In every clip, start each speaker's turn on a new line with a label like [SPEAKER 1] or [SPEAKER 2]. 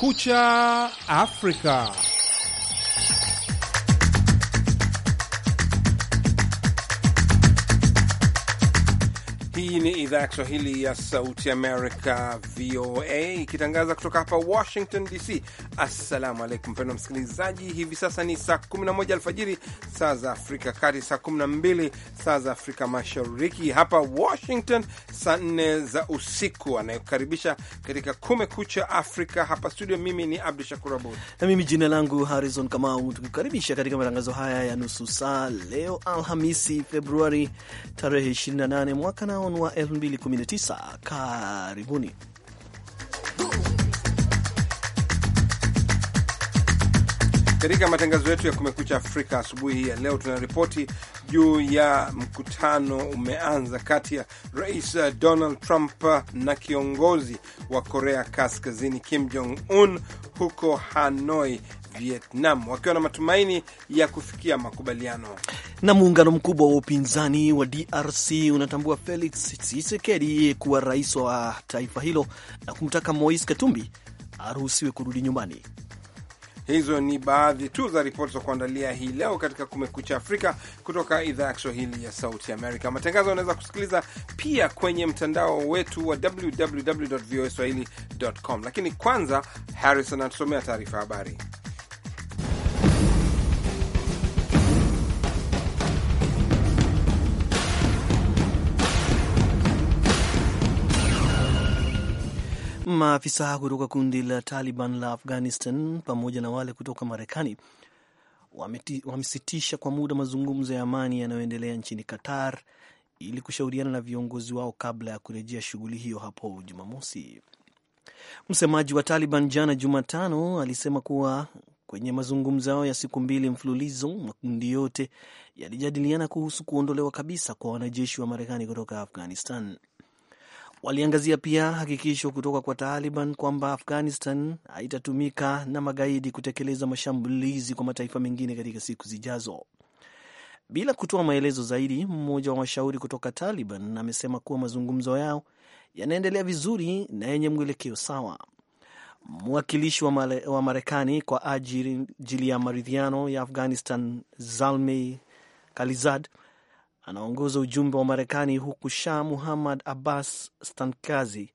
[SPEAKER 1] Kucha Afrika. Hii ni idhaa ya Kiswahili ya Sauti Amerika, VOA, ikitangaza kutoka hapa Washington DC, Assalamu alaikum mpendwa msikilizaji, hivi sasa ni saa 11 alfajiri saa za Afrika Kati, saa 12 saa za Afrika Mashariki, hapa Washington saa 4 za usiku. Anayekaribisha katika Kumekucha Afrika hapa studio, mimi ni Abdu Shakur Abud
[SPEAKER 2] na mimi jina langu Harrison Kamau, tukukaribisha katika matangazo haya ya nusu saa leo Alhamisi Februari tarehe 28 mwaka naon wa 2019. Karibuni.
[SPEAKER 1] Katika matangazo yetu ya Kumekucha Afrika asubuhi ya leo, tuna ripoti juu ya mkutano umeanza kati ya Rais uh, Donald Trump uh, na kiongozi wa Korea Kaskazini Kim Jong Un huko Hanoi, Vietnam, wakiwa na matumaini ya kufikia makubaliano.
[SPEAKER 2] Na muungano mkubwa wa upinzani wa DRC unatambua Felix Tshisekedi kuwa rais wa taifa hilo na kumtaka Moise Katumbi aruhusiwe kurudi nyumbani.
[SPEAKER 1] Hizo ni baadhi tu za ripoti za kuandalia hii leo katika Kumekucha Afrika kutoka idhaa ya Kiswahili ya Sauti Amerika. Matangazo yanaweza kusikiliza pia kwenye mtandao wetu wa www voa swahili com, lakini kwanza Harrison anatusomea taarifa habari.
[SPEAKER 2] Maafisa kutoka kundi la Taliban la Afghanistan pamoja na wale kutoka Marekani wamesitisha kwa muda mazungumzo ya amani yanayoendelea nchini Qatar ili kushauriana na viongozi wao kabla ya kurejea shughuli hiyo hapo Jumamosi. Msemaji wa Taliban jana Jumatano alisema kuwa kwenye mazungumzo yao ya siku mbili mfululizo makundi yote yalijadiliana kuhusu kuondolewa kabisa kwa wanajeshi wa Marekani kutoka Afghanistan. Waliangazia pia hakikisho kutoka kwa Taliban kwamba Afghanistan haitatumika na magaidi kutekeleza mashambulizi kwa mataifa mengine katika siku zijazo. Bila kutoa maelezo zaidi, mmoja wa washauri kutoka Taliban amesema kuwa mazungumzo yao yanaendelea vizuri na yenye mwelekeo sawa. Mwakilishi wa Marekani kwa ajili ya maridhiano ya Afghanistan, Zalmay Khalizad, anaongoza ujumbe wa Marekani, huku Shah Muhammad Abbas Stankazi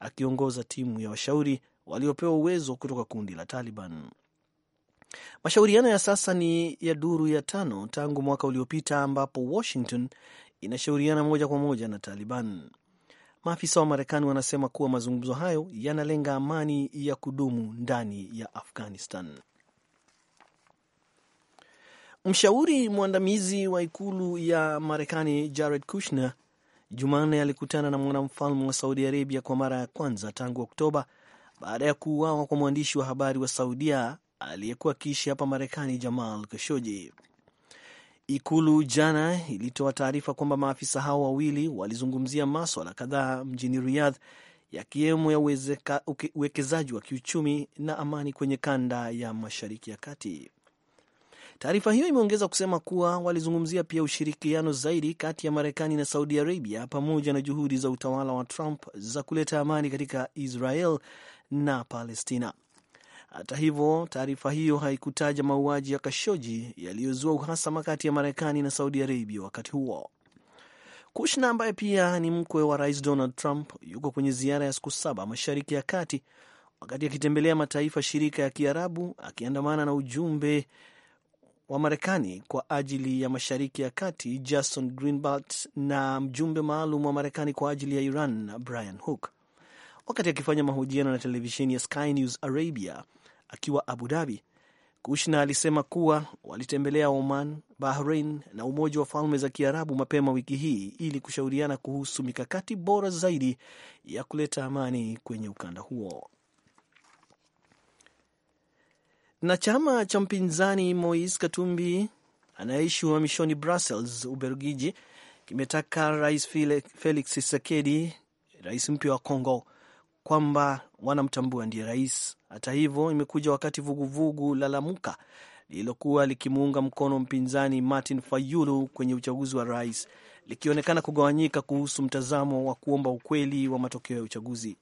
[SPEAKER 2] akiongoza timu ya washauri waliopewa uwezo kutoka kundi la Taliban. Mashauriano ya sasa ni ya duru ya tano tangu mwaka uliopita ambapo Washington inashauriana moja kwa moja na Taliban. Maafisa wa Marekani wanasema kuwa mazungumzo hayo yanalenga amani ya kudumu ndani ya Afghanistan. Mshauri mwandamizi wa ikulu ya Marekani Jared Kushner Jumanne alikutana na mwanamfalme wa Saudi Arabia kwa mara ya kwanza tangu Oktoba baada ya kuuawa kwa mwandishi wa habari wa Saudia aliyekuwa akiishi hapa Marekani, Jamal Khashoggi. Ikulu jana ilitoa taarifa kwamba maafisa hao wawili walizungumzia maswala kadhaa mjini Riyadh, yakiwemo ya uwekezaji wa kiuchumi na amani kwenye kanda ya Mashariki ya Kati. Taarifa hiyo imeongeza kusema kuwa walizungumzia pia ushirikiano zaidi kati ya Marekani na Saudi Arabia pamoja na juhudi za utawala wa Trump za kuleta amani katika Israel na Palestina. Hata hivyo, taarifa hiyo haikutaja mauaji ya Kashoji yaliyozua uhasama kati ya Marekani na Saudi Arabia wakati huo. Kushna ambaye pia ni mkwe wa Rais Donald Trump yuko kwenye ziara ya siku saba Mashariki ya Kati wakati akitembelea mataifa shirika ya Kiarabu akiandamana na ujumbe wa Marekani kwa ajili ya Mashariki ya Kati Jason Greenblatt na mjumbe maalum wa Marekani kwa ajili ya Iran Brian Hook. Wakati akifanya mahojiano na televisheni ya Sky News Arabia akiwa Abu Dhabi, Kushna alisema kuwa walitembelea Oman, Bahrain na Umoja wa Falme za Kiarabu mapema wiki hii ili kushauriana kuhusu mikakati bora zaidi ya kuleta amani kwenye ukanda huo. Na chama cha mpinzani mois Katumbi anayeishi uhamishoni Brussels, Ubelgiji, kimetaka Rais Felix Tshisekedi, rais mpya wa Congo, kwamba wanamtambua ndiye rais. Hata hivyo, imekuja wakati vuguvugu la Lamuka lililokuwa likimuunga mkono mpinzani Martin Fayulu kwenye uchaguzi wa rais likionekana kugawanyika kuhusu mtazamo wa kuomba ukweli wa matokeo ya uchaguzi.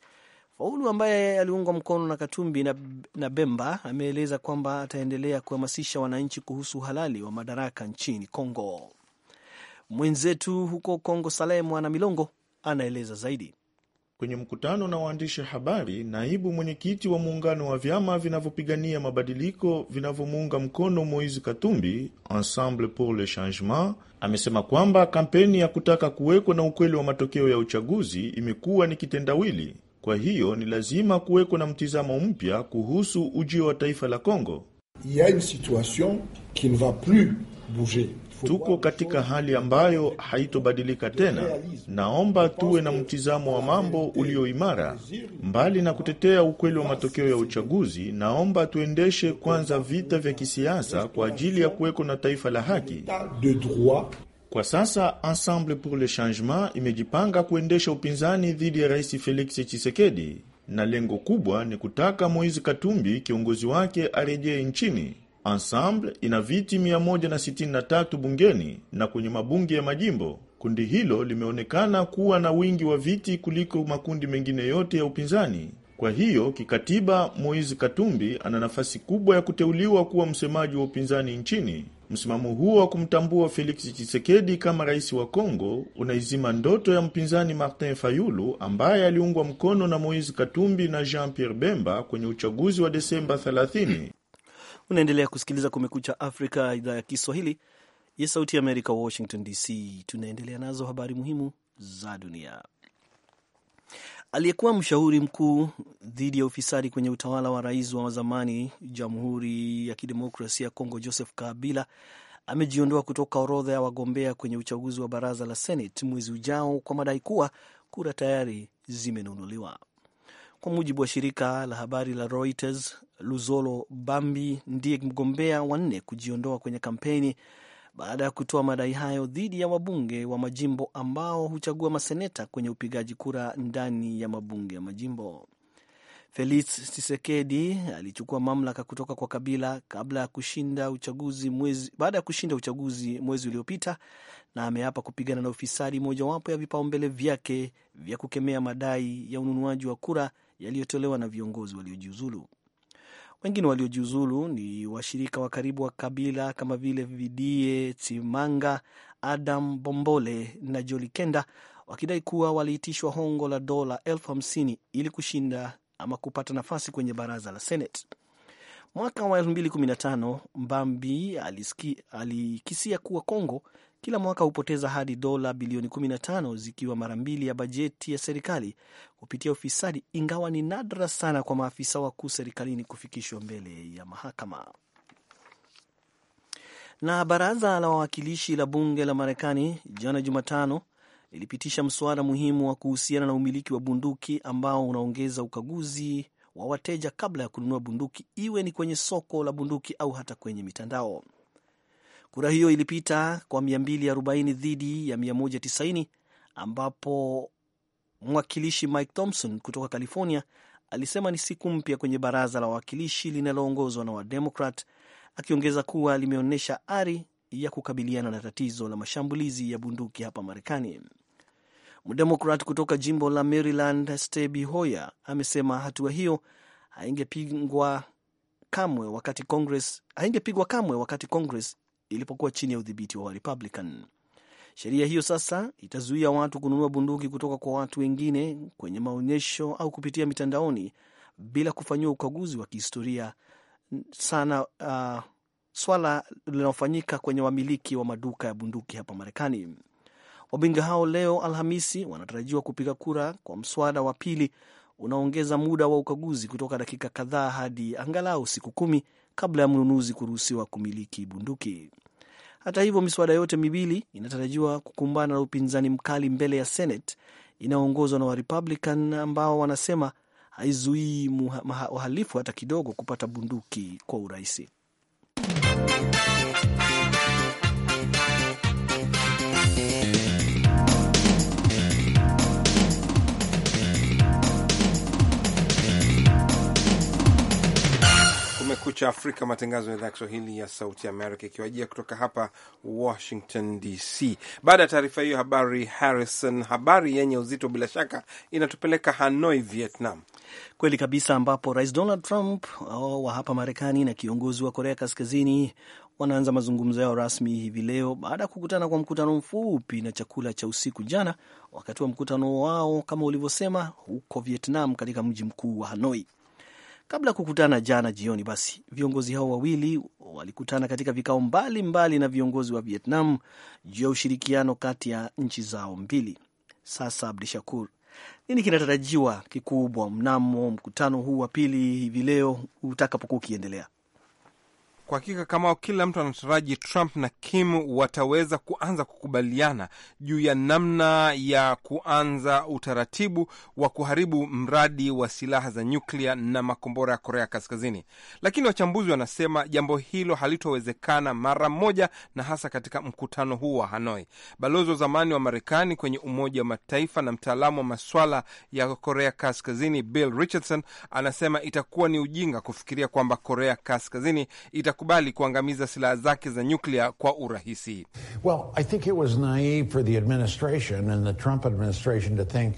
[SPEAKER 2] Faulu ambaye aliungwa mkono na Katumbi na, na Bemba ameeleza kwamba ataendelea kuhamasisha wananchi kuhusu uhalali wa madaraka nchini Kongo. Mwenzetu huko Kongo, Saleh Mwana Milongo, anaeleza
[SPEAKER 3] zaidi. Kwenye mkutano na waandishi habari, naibu mwenyekiti wa muungano wa vyama vinavyopigania mabadiliko vinavyomuunga mkono Moise Katumbi, Ensemble pour le Changement, amesema kwamba kampeni ya kutaka kuwekwa na ukweli wa matokeo ya uchaguzi imekuwa ni kitendawili kwa hiyo ni lazima kuweko na mtizamo mpya kuhusu ujio wa taifa la Kongo. Tuko katika hali ambayo haitobadilika tena. Naomba tuwe na mtizamo wa mambo ulio imara. Mbali na kutetea ukweli wa matokeo ya uchaguzi, naomba tuendeshe kwanza vita vya kisiasa kwa ajili ya kuweko na taifa la haki. Kwa sasa Ensemble pour le Changement imejipanga kuendesha upinzani dhidi ya Rais Felix Tshisekedi, na lengo kubwa ni kutaka Moise Katumbi, kiongozi wake, arejee nchini. Ensemble ina viti 163 bungeni na kwenye mabunge ya majimbo. Kundi hilo limeonekana kuwa na wingi wa viti kuliko makundi mengine yote ya upinzani. Kwa hiyo kikatiba, Moise Katumbi ana nafasi kubwa ya kuteuliwa kuwa msemaji wa upinzani nchini. Msimamo huo wa kumtambua Felix Chisekedi kama rais wa Kongo unaizima ndoto ya mpinzani Martin Fayulu ambaye aliungwa mkono na Moise Katumbi na Jean Pierre Bemba kwenye uchaguzi wa Desemba 30. Unaendelea kusikiliza Kumekucha Afrika, idhaa ya Kiswahili
[SPEAKER 2] ya Sauti ya Amerika, Washington DC. Tunaendelea nazo habari muhimu za dunia aliyekuwa mshauri mkuu dhidi ya ufisadi kwenye utawala wa rais wa zamani Jamhuri ya Kidemokrasia ya Kongo Joseph Kabila amejiondoa kutoka orodha ya wagombea kwenye uchaguzi wa baraza la Senate mwezi ujao kwa madai kuwa kura tayari zimenunuliwa. Kwa mujibu wa shirika la habari la Reuters, Luzolo Bambi ndiye mgombea wanne kujiondoa kwenye kampeni baada ya kutoa madai hayo dhidi ya wabunge wa majimbo ambao huchagua maseneta kwenye upigaji kura ndani ya mabunge ya majimbo. Felix Tshisekedi alichukua mamlaka kutoka kwa Kabila kabla ya kushinda uchaguzi mwezi, baada ya kushinda uchaguzi mwezi uliopita na ameapa kupigana na ufisadi, mojawapo ya vipaumbele vyake vya kukemea madai ya ununuaji wa kura yaliyotolewa na viongozi waliojiuzulu. Wengine waliojiuzulu ni washirika wa karibu wa Kabila kama vile Vidie timanga Adam Bombole na Joli Kenda, wakidai kuwa waliitishwa hongo la dola elfu hamsini ili kushinda ama kupata nafasi kwenye baraza la Senate. Mwaka wa 2015 Mbambi alikisia kuwa Kongo kila mwaka hupoteza hadi dola bilioni 15 zikiwa mara mbili ya bajeti ya serikali kupitia ufisadi, ingawa ni nadra sana kwa maafisa wakuu serikalini kufikishwa mbele ya mahakama. Na baraza la wawakilishi la bunge la Marekani jana Jumatano lilipitisha mswada muhimu wa kuhusiana na umiliki wa bunduki ambao unaongeza ukaguzi wa wateja kabla ya kununua bunduki, iwe ni kwenye soko la bunduki au hata kwenye mitandao. Kura hiyo ilipita kwa 240 dhidi ya 190 ambapo mwakilishi Mike Thompson kutoka California alisema ni siku mpya kwenye baraza la wawakilishi linaloongozwa na Wademokrat, akiongeza kuwa limeonyesha ari ya kukabiliana na tatizo la mashambulizi ya bunduki hapa Marekani. Mdemokrat kutoka jimbo la Maryland, stebi Hoyer amesema hatua hiyo haingepigwa kamwe wakati Congress haingepigwa kamwe wakati Congress ilipokuwa chini ya udhibiti wa Warepublican. Sheria hiyo sasa itazuia watu kununua bunduki kutoka kwa watu wengine kwenye maonyesho au kupitia mitandaoni bila kufanyiwa ukaguzi wa kihistoria sana, uh, swala linalofanyika kwenye wamiliki wa maduka ya bunduki hapa Marekani. Wabunge hao leo Alhamisi wanatarajiwa kupiga kura kwa mswada wa pili unaongeza muda wa ukaguzi kutoka dakika kadhaa hadi angalau siku kumi kabla ya mnunuzi kuruhusiwa kumiliki bunduki. Hata hivyo, miswada yote miwili inatarajiwa kukumbana na upinzani mkali mbele ya Senate inayoongozwa na Warepublican ambao wanasema haizuii wahalifu hata kidogo kupata bunduki kwa urahisi.
[SPEAKER 1] Kumekucha Afrika, matangazo ya idhaa ya Kiswahili ya Sauti Amerika, ikiwajia kutoka hapa Washington DC. Baada ya taarifa hiyo, habari Harrison. Habari yenye uzito bila shaka
[SPEAKER 2] inatupeleka Hanoi, Vietnam. Kweli kabisa, ambapo Rais Donald Trump oh, wa hapa Marekani na kiongozi wa Korea Kaskazini wanaanza mazungumzo yao rasmi hivi leo baada ya kukutana kwa mkutano mfupi na chakula cha usiku jana, wakati wa mkutano wao kama ulivyosema, huko Vietnam, katika mji mkuu wa Hanoi. Kabla ya kukutana jana jioni, basi viongozi hao wawili walikutana katika vikao mbalimbali mbali na viongozi wa Vietnam juu ya ushirikiano kati ya nchi zao mbili. Sasa shakur nini kinatarajiwa kikubwa mnamo mkutano huu wa pili hivi leo utakapokuwa ukiendelea?
[SPEAKER 1] Kwa hakika kama kila mtu anataraji Trump na Kim wataweza kuanza kukubaliana juu ya namna ya kuanza utaratibu wa kuharibu mradi wa silaha za nyuklia na makombora ya Korea Kaskazini, lakini wachambuzi wanasema jambo hilo halitowezekana mara moja, na hasa katika mkutano huu wa Hanoi. Balozi wa zamani wa Marekani kwenye Umoja wa Mataifa na mtaalamu wa maswala ya Korea Kaskazini Bill Richardson anasema itakuwa ni ujinga kufikiria kwamba Korea Kaskazini ita inakubali kuangamiza silaha zake za nyuklia kwa urahisi.
[SPEAKER 2] Well, I think it was naive for the administration and the Trump administration to think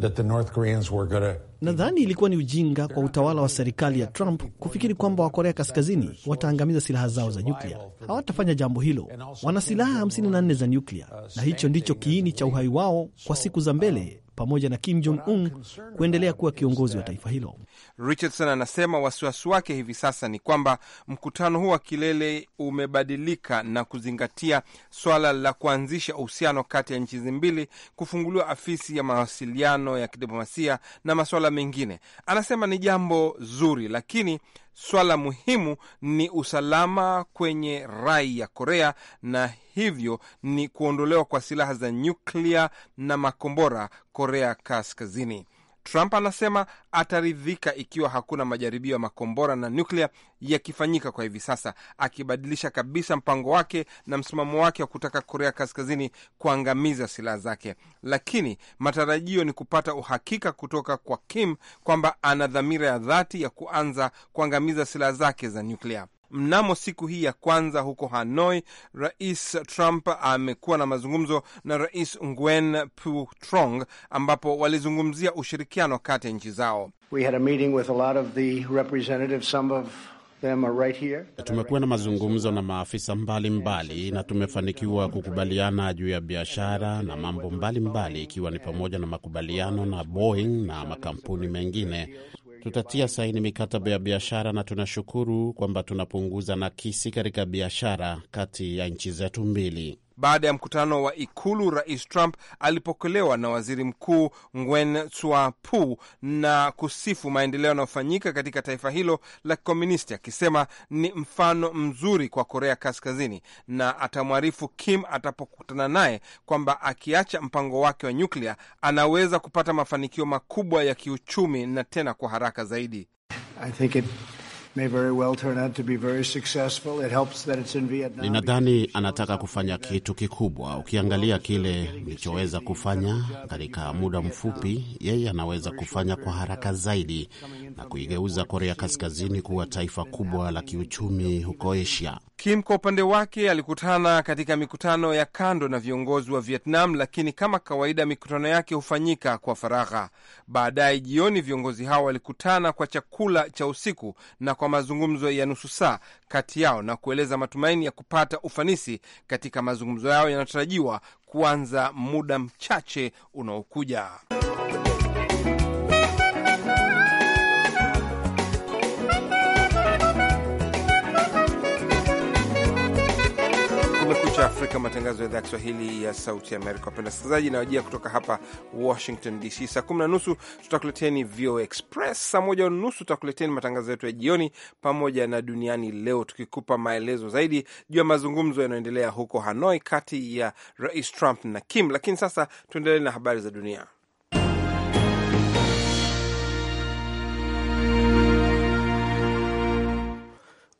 [SPEAKER 2] that the North Koreans were gonna... Nadhani ilikuwa ni ujinga kwa utawala wa serikali ya Trump kufikiri kwamba Wakorea Kaskazini wataangamiza silaha zao za nyuklia. Hawatafanya jambo hilo. Wana silaha 54 za nyuklia, na hicho ndicho kiini cha uhai wao kwa siku za mbele pamoja na Kim Jong Un kuendelea kuwa kiongozi wa taifa hilo.
[SPEAKER 1] Richardson anasema wasiwasi wake hivi sasa ni kwamba mkutano huu wa kilele umebadilika na kuzingatia swala la kuanzisha uhusiano kati ya nchi hizi mbili, kufunguliwa afisi ya mawasiliano ya kidiplomasia na masuala mengine. Anasema ni jambo zuri, lakini swala muhimu ni usalama kwenye rai ya Korea, na hivyo ni kuondolewa kwa silaha za nyuklia na makombora Korea Kaskazini. Trump anasema ataridhika ikiwa hakuna majaribio ya makombora na nyuklia yakifanyika kwa hivi sasa, akibadilisha kabisa mpango wake na msimamo wake wa kutaka Korea Kaskazini kuangamiza silaha zake. Lakini matarajio ni kupata uhakika kutoka kwa Kim kwamba ana dhamira ya dhati ya kuanza kuangamiza silaha zake za nyuklia. Mnamo siku hii ya kwanza huko Hanoi, Rais Trump amekuwa na mazungumzo na Rais Nguyen Phu Trong ambapo walizungumzia ushirikiano kati ya nchi zao. Right,
[SPEAKER 4] tumekuwa na mazungumzo na maafisa mbalimbali mbali, na tumefanikiwa kukubaliana juu ya biashara na mambo mbalimbali mbali, ikiwa ni pamoja na makubaliano na Boeing na makampuni mengine Tutatia saini mikataba ya biashara na tunashukuru kwamba tunapunguza nakisi katika biashara kati ya nchi zetu mbili
[SPEAKER 1] baada ya mkutano wa Ikulu, Rais Trump alipokelewa na waziri mkuu Ngwen swapu na kusifu maendeleo yanayofanyika katika taifa hilo la kikomunisti, akisema ni mfano mzuri kwa Korea Kaskazini na atamwarifu Kim atapokutana naye kwamba akiacha mpango wake wa nyuklia anaweza kupata mafanikio makubwa ya kiuchumi na tena kwa haraka zaidi.
[SPEAKER 4] I think it... Ninadhani anataka kufanya kitu kikubwa. Ukiangalia kile nilichoweza kufanya katika muda mfupi, yeye anaweza kufanya kwa haraka zaidi na kuigeuza Korea Kaskazini kuwa taifa kubwa la kiuchumi huko Asia.
[SPEAKER 1] Kim kwa upande wake alikutana katika mikutano ya kando na viongozi wa Vietnam, lakini kama kawaida mikutano yake hufanyika kwa faragha. Baadaye jioni, viongozi hao walikutana kwa chakula cha usiku na kwa mazungumzo ya nusu saa kati yao na kueleza matumaini ya kupata ufanisi katika mazungumzo yao yanayotarajiwa kuanza muda mchache unaokuja. Kumekucha Afrika, matangazo ya idhaa ya Kiswahili ya Sauti Amerika. Wapenda wasikilizaji, inawajia kutoka hapa Washington DC. Saa kumi na nusu tutakuleteni VOA Express, saa moja nusu tutakuleteni matangazo yetu ya jioni pamoja na Duniani Leo, tukikupa maelezo zaidi juu ya mazungumzo yanayoendelea huko Hanoi kati ya Rais Trump na Kim. Lakini sasa tuendelee na habari za dunia.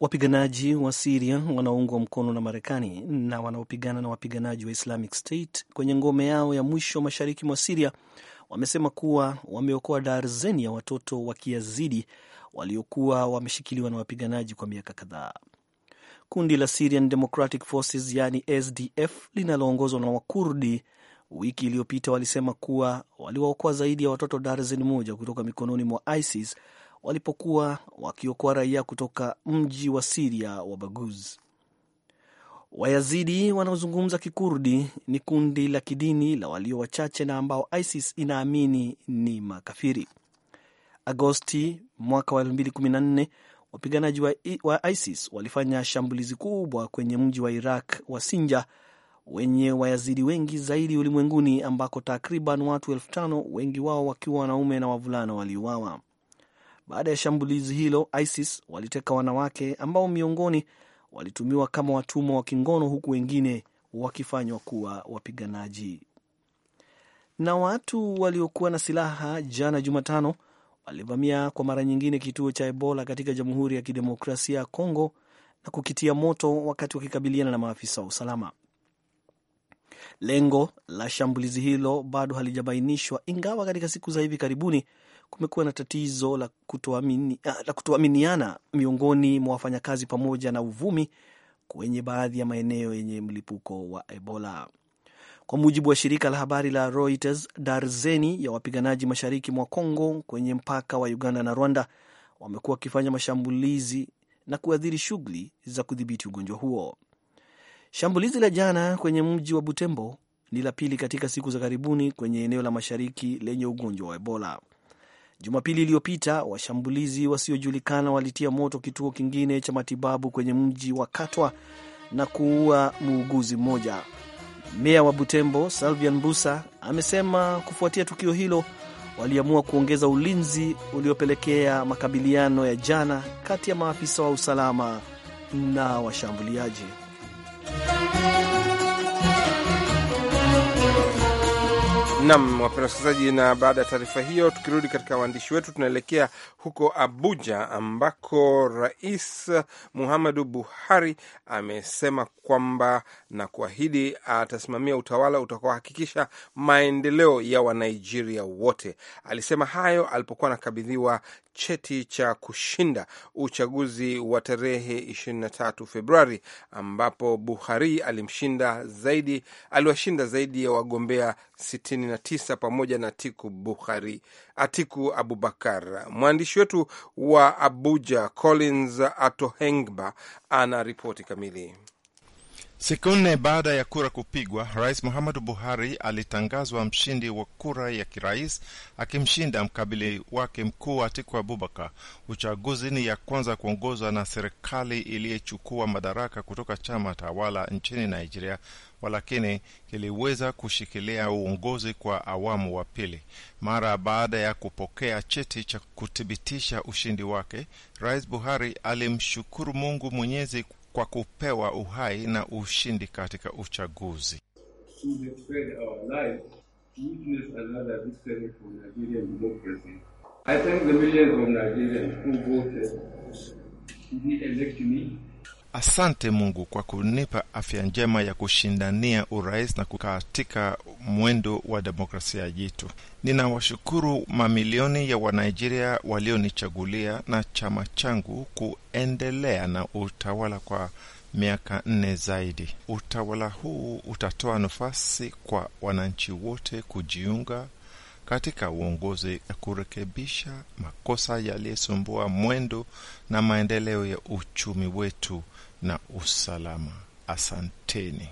[SPEAKER 2] Wapiganaji wa Siria wanaoungwa mkono na Marekani na wanaopigana na wapiganaji wa Islamic State kwenye ngome yao ya mwisho mashariki mwa Siria wamesema kuwa wameokoa darzeni ya watoto wa Kiazidi waliokuwa wameshikiliwa na wapiganaji kwa miaka kadhaa. Kundi la Syrian Democratic Forces yani SDF linaloongozwa na Wakurdi wiki iliyopita walisema kuwa waliwaokoa zaidi ya watoto darzeni moja kutoka mikononi mwa ISIS walipokuwa wakiokoa raia kutoka mji wa Siria wa Baguz. Wayazidi wanaozungumza Kikurdi ni kundi la kidini la walio wachache na ambao ISIS inaamini ni makafiri. Agosti mwaka wa 2014 wapiganaji wa ISIS walifanya shambulizi kubwa kwenye mji wa Iraq wa Sinja wenye Wayazidi wengi zaidi ulimwenguni ambako takriban watu elfu tano wengi wao wakiwa wanaume na wavulana waliuawa. Baada ya shambulizi hilo, ISIS waliteka wanawake ambao miongoni walitumiwa kama watumwa wa kingono huku wengine wakifanywa kuwa wapiganaji. Na watu waliokuwa na silaha jana Jumatano walivamia kwa mara nyingine kituo cha Ebola katika Jamhuri ya Kidemokrasia ya Kongo na kukitia moto wakati wakikabiliana na maafisa wa usalama. Lengo la shambulizi hilo bado halijabainishwa, ingawa katika siku za hivi karibuni kumekuwa na tatizo ah, la kutoaminiana miongoni mwa wafanyakazi pamoja na uvumi kwenye baadhi ya maeneo yenye mlipuko wa Ebola. Kwa mujibu wa shirika la habari la Reuters, darzeni ya wapiganaji mashariki mwa Congo kwenye mpaka wa Uganda na Rwanda wamekuwa wakifanya mashambulizi na kuathiri shughuli za kudhibiti ugonjwa huo. Shambulizi la jana kwenye mji wa Butembo ni la pili katika siku za karibuni kwenye eneo la mashariki lenye ugonjwa wa Ebola. Jumapili iliyopita washambulizi wasiojulikana walitia moto kituo kingine cha matibabu kwenye mji wa Katwa na kuua muuguzi mmoja. Meya wa Butembo Salvian Busa amesema kufuatia tukio hilo waliamua kuongeza ulinzi uliopelekea makabiliano ya jana kati ya maafisa wa usalama na washambuliaji. Nam, wapenda wasikilizaji, na baada ya
[SPEAKER 1] taarifa hiyo, tukirudi katika waandishi wetu, tunaelekea huko Abuja ambako Rais Muhammadu Buhari amesema kwamba na kuahidi atasimamia utawala utakaohakikisha maendeleo ya Wanigeria wote. Alisema hayo alipokuwa anakabidhiwa cheti cha kushinda uchaguzi wa tarehe 23 Februari ambapo Buhari alimshinda zaidi, aliwashinda zaidi ya wagombea 19 pamoja na Atiku Bukhari, Atiku Abubakar. Mwandishi wetu wa Abuja Collins Atohengba ana ripoti kamili.
[SPEAKER 5] Siku nne baada ya kura kupigwa, Rais Muhammadu Buhari alitangazwa mshindi wa kura ya kirais akimshinda mkabili wake mkuu Atiku Abubakar. Uchaguzi ni ya kwanza kuongozwa na serikali iliyechukua madaraka kutoka chama tawala nchini Nigeria, walakini kiliweza kushikilia uongozi kwa awamu wa pili. Mara baada ya kupokea cheti cha kuthibitisha ushindi wake, Rais Buhari alimshukuru Mungu Mwenyezi kwa kupewa uhai na ushindi katika uchaguzi.
[SPEAKER 3] I thank the millions of Nigerians
[SPEAKER 1] who voted, me.
[SPEAKER 5] Asante Mungu kwa kunipa afya njema ya kushindania urais na kukatika mwendo wa demokrasia yetu. Ninawashukuru mamilioni ya Wanigeria walionichagulia na chama changu kuendelea na utawala kwa miaka nne zaidi. Utawala huu utatoa nafasi kwa wananchi wote kujiunga katika uongozi na kurekebisha makosa yaliyosumbua mwendo na maendeleo ya uchumi wetu na usalama. Asanteni.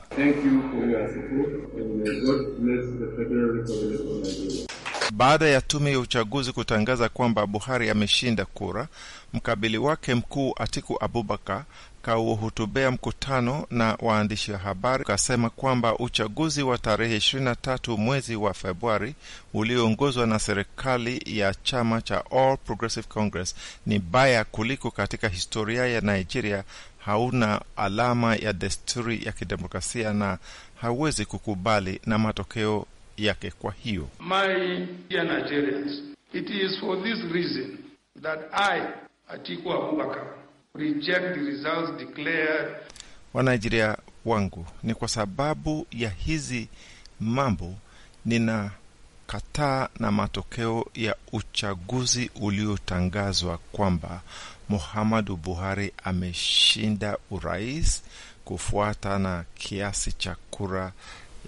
[SPEAKER 5] Baada ya tume ya uchaguzi kutangaza kwamba Buhari ameshinda kura, mkabili wake mkuu Atiku Abubakar atakaohutubia mkutano na waandishi wa habari ukasema kwamba uchaguzi wa tarehe 23 mwezi wa Februari ulioongozwa na serikali ya chama cha All Progressive Congress ni baya kuliko katika historia ya Nigeria, hauna alama ya desturi ya kidemokrasia na hawezi kukubali na matokeo yake. Kwa hiyo My dear Nigerians, it is for this reason that I Atiku Abubakar reject the results declared. Wanaijeria wangu, ni kwa sababu ya hizi mambo ninakataa na matokeo ya uchaguzi uliotangazwa kwamba Muhammadu Buhari ameshinda urais kufuata na kiasi cha kura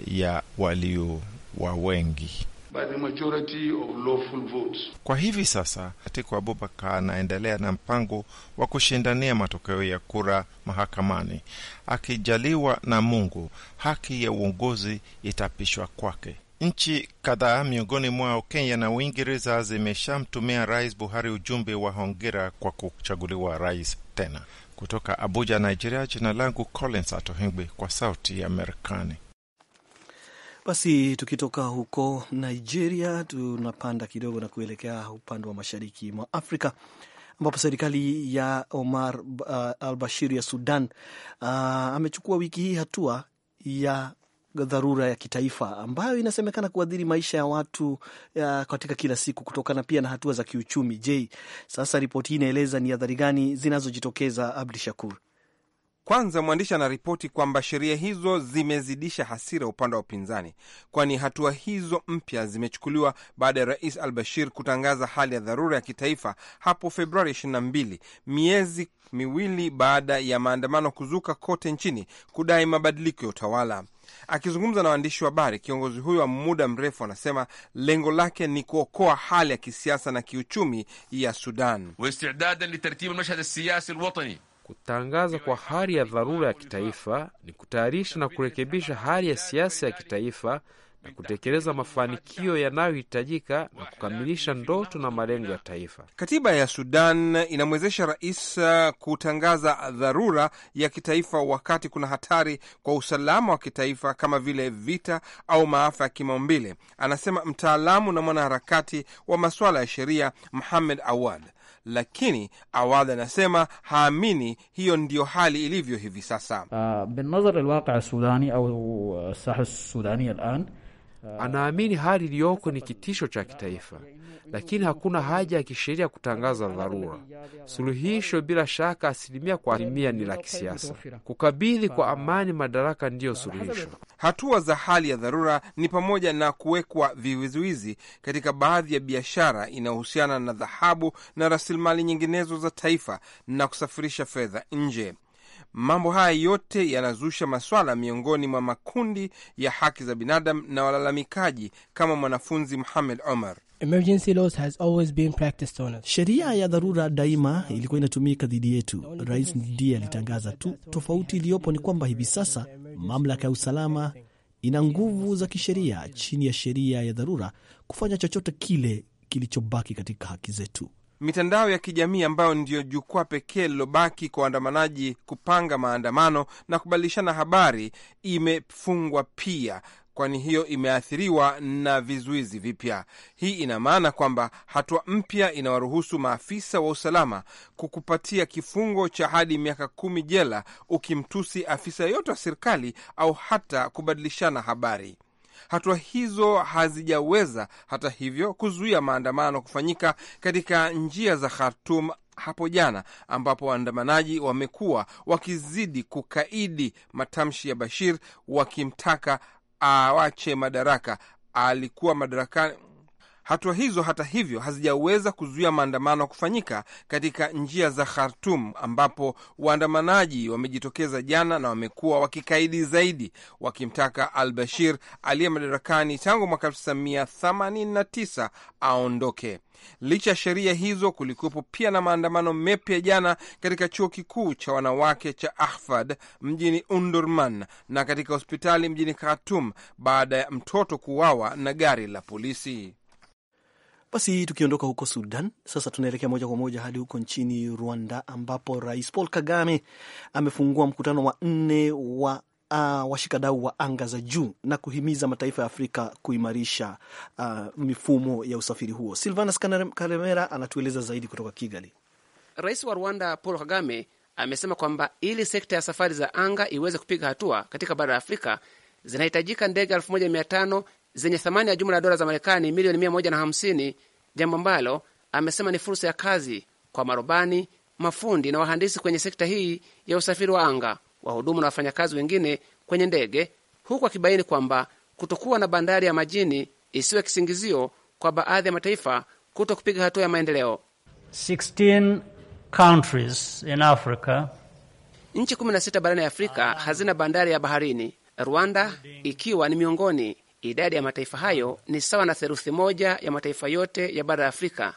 [SPEAKER 5] ya walio wa wengi
[SPEAKER 3] by the majority of lawful votes.
[SPEAKER 5] Kwa hivi sasa Atiku Abubakar anaendelea na mpango wa kushindania matokeo ya kura mahakamani. Akijaliwa na Mungu, haki ya uongozi itapishwa kwake. Nchi kadhaa miongoni mwao Kenya na Uingereza zimeshamtumia Rais Buhari ujumbe wa hongera kwa kuchaguliwa rais tena. Kutoka Abuja, Nigeria, jina langu Collins Atohengwi kwa Sauti ya Marekani.
[SPEAKER 2] Basi tukitoka huko Nigeria tunapanda kidogo na kuelekea upande wa mashariki mwa Afrika ambapo serikali ya Omar uh, al-Bashir ya Sudan uh, amechukua wiki hii hatua ya dharura ya kitaifa ambayo inasemekana kuadhiri maisha ya watu ya uh, katika kila siku kutokana pia na hatua za kiuchumi. Je, sasa ripoti hii inaeleza ni adhari gani zinazojitokeza? Abdi Shakur.
[SPEAKER 1] Kwanza, mwandishi anaripoti kwamba sheria hizo zimezidisha hasira upande wa upinzani, kwani hatua hizo mpya zimechukuliwa baada ya rais Al Bashir kutangaza hali ya dharura ya kitaifa hapo Februari 22, miezi miwili baada ya maandamano kuzuka kote nchini kudai mabadiliko ya utawala. Akizungumza na waandishi wa habari, kiongozi huyo wa muda mrefu anasema lengo lake ni kuokoa hali ya kisiasa na kiuchumi ya Sudan. Kutangaza kwa hali ya dharura ya kitaifa ni kutayarisha na kurekebisha hali ya siasa ya kitaifa na kutekeleza mafanikio yanayohitajika na kukamilisha ndoto na malengo ya taifa. Katiba ya Sudan inamwezesha rais uh, kutangaza dharura ya kitaifa wakati kuna hatari kwa usalama wa kitaifa kama vile vita au maafa ya kimaumbile, anasema mtaalamu na mwanaharakati wa masuala ya sheria Muhamed Awad. lakini awadh anasema haamini hiyo ndiyo hali ilivyo hivi sasa.
[SPEAKER 4] Uh, بالنظر للواقع السوداني أو الساحة السودانية الآن Anaamini hali iliyoko ni kitisho cha kitaifa,
[SPEAKER 1] lakini hakuna haja ya kisheria kutangaza dharura. Suluhisho bila shaka, asilimia kwa asilimia, ni la kisiasa. Kukabidhi kwa amani madaraka ndiyo suluhisho. Hatua za hali ya dharura ni pamoja na kuwekwa vizuizi katika baadhi ya biashara inayohusiana na dhahabu na rasilimali nyinginezo za taifa na kusafirisha fedha nje. Mambo haya yote yanazusha maswala miongoni mwa makundi ya haki za binadamu na walalamikaji kama mwanafunzi Muhamed Omar.
[SPEAKER 2] Emergency laws has always been practiced on us. Sheria ya dharura daima ilikuwa inatumika dhidi yetu. Rais ndiye alitangaza tu. Tofauti iliyopo ni kwamba hivi sasa mamlaka ya usalama ina nguvu za kisheria chini ya sheria ya dharura kufanya chochote kile kilichobaki katika haki zetu
[SPEAKER 1] mitandao ya kijamii ambayo ndiyo jukwaa pekee lilobaki kwa waandamanaji kupanga maandamano na kubadilishana habari imefungwa pia, kwani hiyo imeathiriwa na vizuizi vipya. Hii ina maana kwamba hatua mpya inawaruhusu maafisa wa usalama kukupatia kifungo cha hadi miaka kumi jela ukimtusi afisa yeyote wa serikali au hata kubadilishana habari. Hatua hizo hazijaweza hata hivyo kuzuia maandamano kufanyika katika njia za Khartum hapo jana ambapo waandamanaji wamekuwa wakizidi kukaidi matamshi ya Bashir wakimtaka awache madaraka. Alikuwa madarakani Hatua hizo hata hivyo hazijaweza kuzuia maandamano kufanyika katika njia za Khartum, ambapo waandamanaji wamejitokeza jana na wamekuwa wakikaidi zaidi, wakimtaka Al Bashir aliye madarakani tangu mwaka 1989 aondoke. Licha ya sheria hizo, kulikuwepo pia na maandamano mepya jana katika chuo kikuu cha wanawake cha Ahfad mjini Undurman na katika hospitali mjini Khartum baada ya mtoto kuuawa na gari la polisi.
[SPEAKER 2] Basi tukiondoka huko Sudan, sasa tunaelekea moja kwa moja hadi huko nchini Rwanda, ambapo Rais Paul Kagame amefungua mkutano wa nne wa Uh, washikadau wa anga za juu na kuhimiza mataifa ya Afrika kuimarisha uh, mifumo ya usafiri huo. Silvanas Karemera anatueleza zaidi kutoka Kigali.
[SPEAKER 6] Rais wa Rwanda Paul Kagame amesema kwamba ili sekta ya safari za anga iweze kupiga hatua katika bara la Afrika zinahitajika ndege 1500 zenye thamani ya jumla ya dola za Marekani milioni 150, jambo ambalo amesema ni fursa ya kazi kwa marubani, mafundi na wahandisi kwenye sekta hii ya usafiri wa anga, wahudumu na wafanyakazi wengine kwenye ndege, huku akibaini kwamba kutokuwa na bandari ya majini isiwe kisingizio kwa baadhi ya mataifa kuto kupiga hatua ya maendeleo.
[SPEAKER 4] 16 countries in Africa,
[SPEAKER 6] nchi 16 barani Afrika hazina bandari ya baharini, Rwanda ikiwa ni miongoni Idadi ya mataifa hayo ni sawa na theluthi moja ya mataifa yote ya bara la Afrika,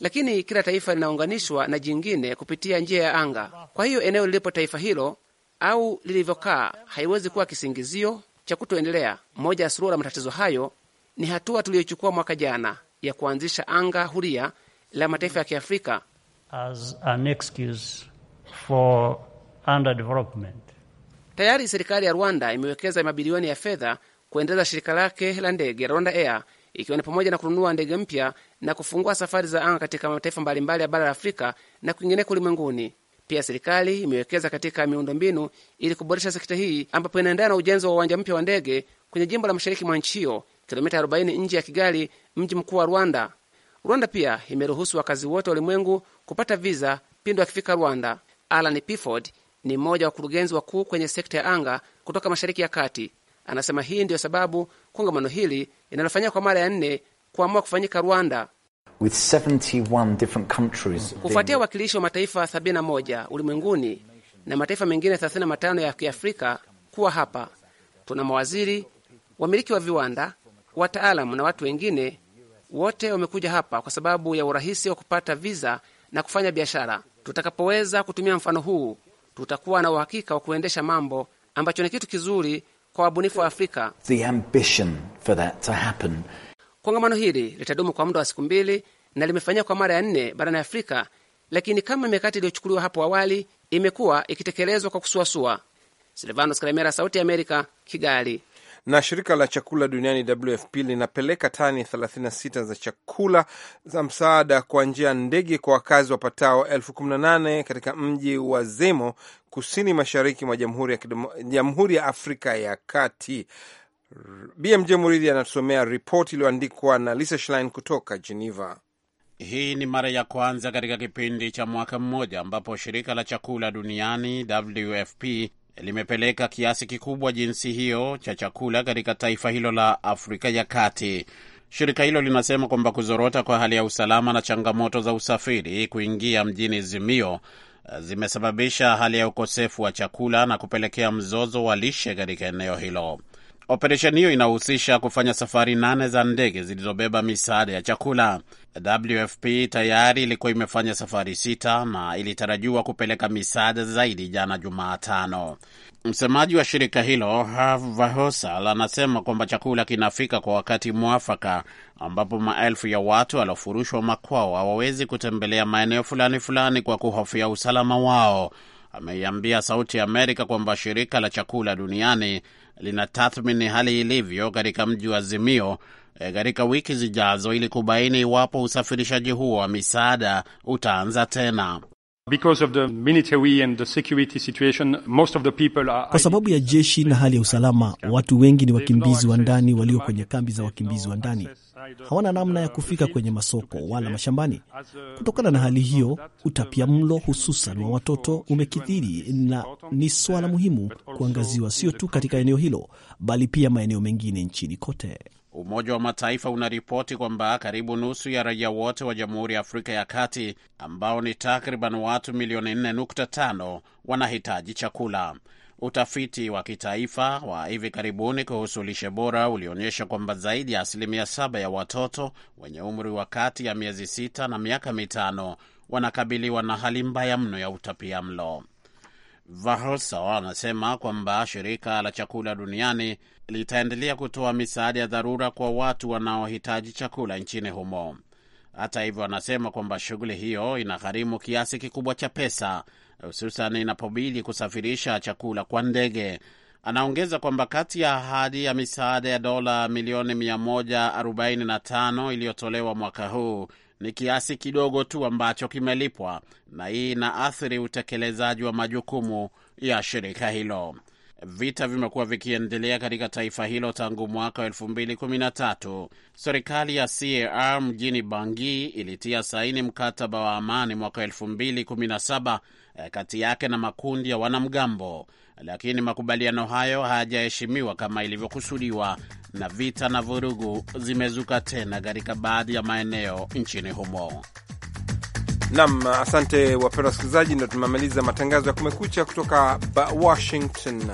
[SPEAKER 6] lakini kila taifa linaunganishwa na jingine kupitia njia ya anga. Kwa hiyo eneo lilipo taifa hilo au lilivyokaa haiwezi kuwa kisingizio cha kutoendelea. Moja ya suluhu la matatizo hayo ni hatua tuliyochukua mwaka jana ya kuanzisha anga huria la mataifa ya Kiafrika
[SPEAKER 4] as an excuse for underdevelopment.
[SPEAKER 6] Tayari serikali ya Rwanda imewekeza mabilioni ya fedha kuendeleza shirika lake la ndege Rwanda Air, ikiwa ni pamoja na kununua ndege mpya na kufungua safari za anga katika mataifa mbalimbali ya bara la Afrika na kwingineko ulimwenguni. Pia serikali imewekeza katika miundombinu ili kuboresha sekta hii, ambapo inaendana na ujenzi wa uwanja mpya wa ndege kwenye jimbo la mashariki mwa nchi hiyo, kilomita 40 nje ya Kigali, mji mkuu wa Rwanda. Rwanda pia imeruhusu wakazi wote wa ulimwengu kupata viza pindi wakifika Rwanda. Alan Pifford ni mmoja wa wakurugenzi wakuu kwenye sekta ya anga kutoka mashariki ya kati. Anasema hii ndiyo sababu kongamano hili linalofanyika kwa mara ya nne kuamua kufanyika Rwanda kufuatia uwakilishi wa mataifa 71 ulimwenguni na mataifa mengine 35 ya Kiafrika kuwa hapa. Tuna mawaziri, wamiliki wa viwanda, wataalamu na watu wengine wote wamekuja hapa kwa sababu ya urahisi wa kupata viza na kufanya biashara. Tutakapoweza kutumia mfano huu, tutakuwa na uhakika wa kuendesha mambo ambacho ni kitu kizuri kwa wabunifu wa Afrika.
[SPEAKER 2] The ambition for that to happen.
[SPEAKER 6] Kongamano hili litadumu kwa muda wa siku mbili na limefanyika kwa mara ya nne barani Afrika, lakini kama mikakati iliyochukuliwa hapo awali imekuwa ikitekelezwa kwa kusuasua. Silvanos Kalemera, Sauti ya Amerika, Kigali na shirika la chakula duniani WFP linapeleka tani 36 za chakula
[SPEAKER 1] za msaada kwa njia ya ndege kwa wakazi wapatao 18 katika mji wa Zemo kusini mashariki mwa Jamhuri ya Afrika ya Kati. BMJ Muridhi anatusomea ripoti iliyoandikwa na Lisa Schlein kutoka Geneva.
[SPEAKER 4] Hii ni mara ya kwanza katika kipindi cha mwaka mmoja ambapo shirika la chakula duniani WFP limepeleka kiasi kikubwa jinsi hiyo cha chakula katika taifa hilo la Afrika ya Kati. Shirika hilo linasema kwamba kuzorota kwa hali ya usalama na changamoto za usafiri kuingia mjini Zimio eh, zimesababisha hali ya ukosefu wa chakula na kupelekea mzozo wa lishe katika eneo hilo. Operesheni hiyo inahusisha kufanya safari nane za ndege zilizobeba misaada ya chakula. WFP tayari ilikuwa imefanya safari sita na ilitarajiwa kupeleka misaada zaidi jana Jumatano. Msemaji wa shirika hilo Herve anasema kwamba chakula kinafika kwa wakati mwafaka, ambapo maelfu ya watu waliofurushwa makwao hawawezi kutembelea maeneo fulani fulani kwa kuhofia usalama wao. Ameiambia Sauti ya Amerika kwamba shirika la chakula duniani linatathmini hali ilivyo katika mji wa zimio eh, katika wiki zijazo ili kubaini iwapo usafirishaji huo wa misaada utaanza tena.
[SPEAKER 1] Kwa sababu
[SPEAKER 2] ya jeshi na hali ya usalama, watu wengi ni wakimbizi wa ndani walio kwenye kambi za wakimbizi wa ndani hawana namna ya kufika kwenye masoko wala mashambani. Kutokana na hali hiyo, utapia mlo hususan wa watoto umekithiri na ni swala muhimu kuangaziwa sio tu katika eneo hilo, bali pia maeneo mengine nchini kote.
[SPEAKER 4] Umoja wa Mataifa unaripoti kwamba karibu nusu ya raia wote wa Jamhuri ya Afrika ya Kati ambao ni takriban watu milioni 4.5 wanahitaji chakula. Utafiti wa kitaifa wa hivi karibuni kuhusu lishe bora ulionyesha kwamba zaidi ya asilimia saba ya watoto wenye umri wa kati ya miezi sita na miaka mitano wanakabiliwa na hali mbaya mno ya utapia mlo Vahosa anasema kwamba shirika la chakula duniani litaendelea kutoa misaada ya dharura kwa watu wanaohitaji chakula nchini humo. Hata hivyo, anasema kwamba shughuli hiyo inagharimu kiasi kikubwa cha pesa hususan inapobidi kusafirisha chakula kwa ndege. Anaongeza kwamba kati ya ahadi ya misaada ya dola milioni 145 iliyotolewa mwaka huu ni kiasi kidogo tu ambacho kimelipwa, na hii inaathiri utekelezaji wa majukumu ya shirika hilo. Vita vimekuwa vikiendelea katika taifa hilo tangu mwaka wa 2013. Serikali ya CAR mjini Bangui ilitia saini mkataba wa amani mwaka 2017 Eh, kati yake na makundi ya wanamgambo, lakini makubaliano hayo hayajaheshimiwa kama ilivyokusudiwa, na vita na vurugu zimezuka tena katika baadhi ya maeneo nchini humo. Nam, asante wapendwa wasikilizaji, ndo tumemaliza matangazo
[SPEAKER 1] ya Kumekucha kutoka Washington.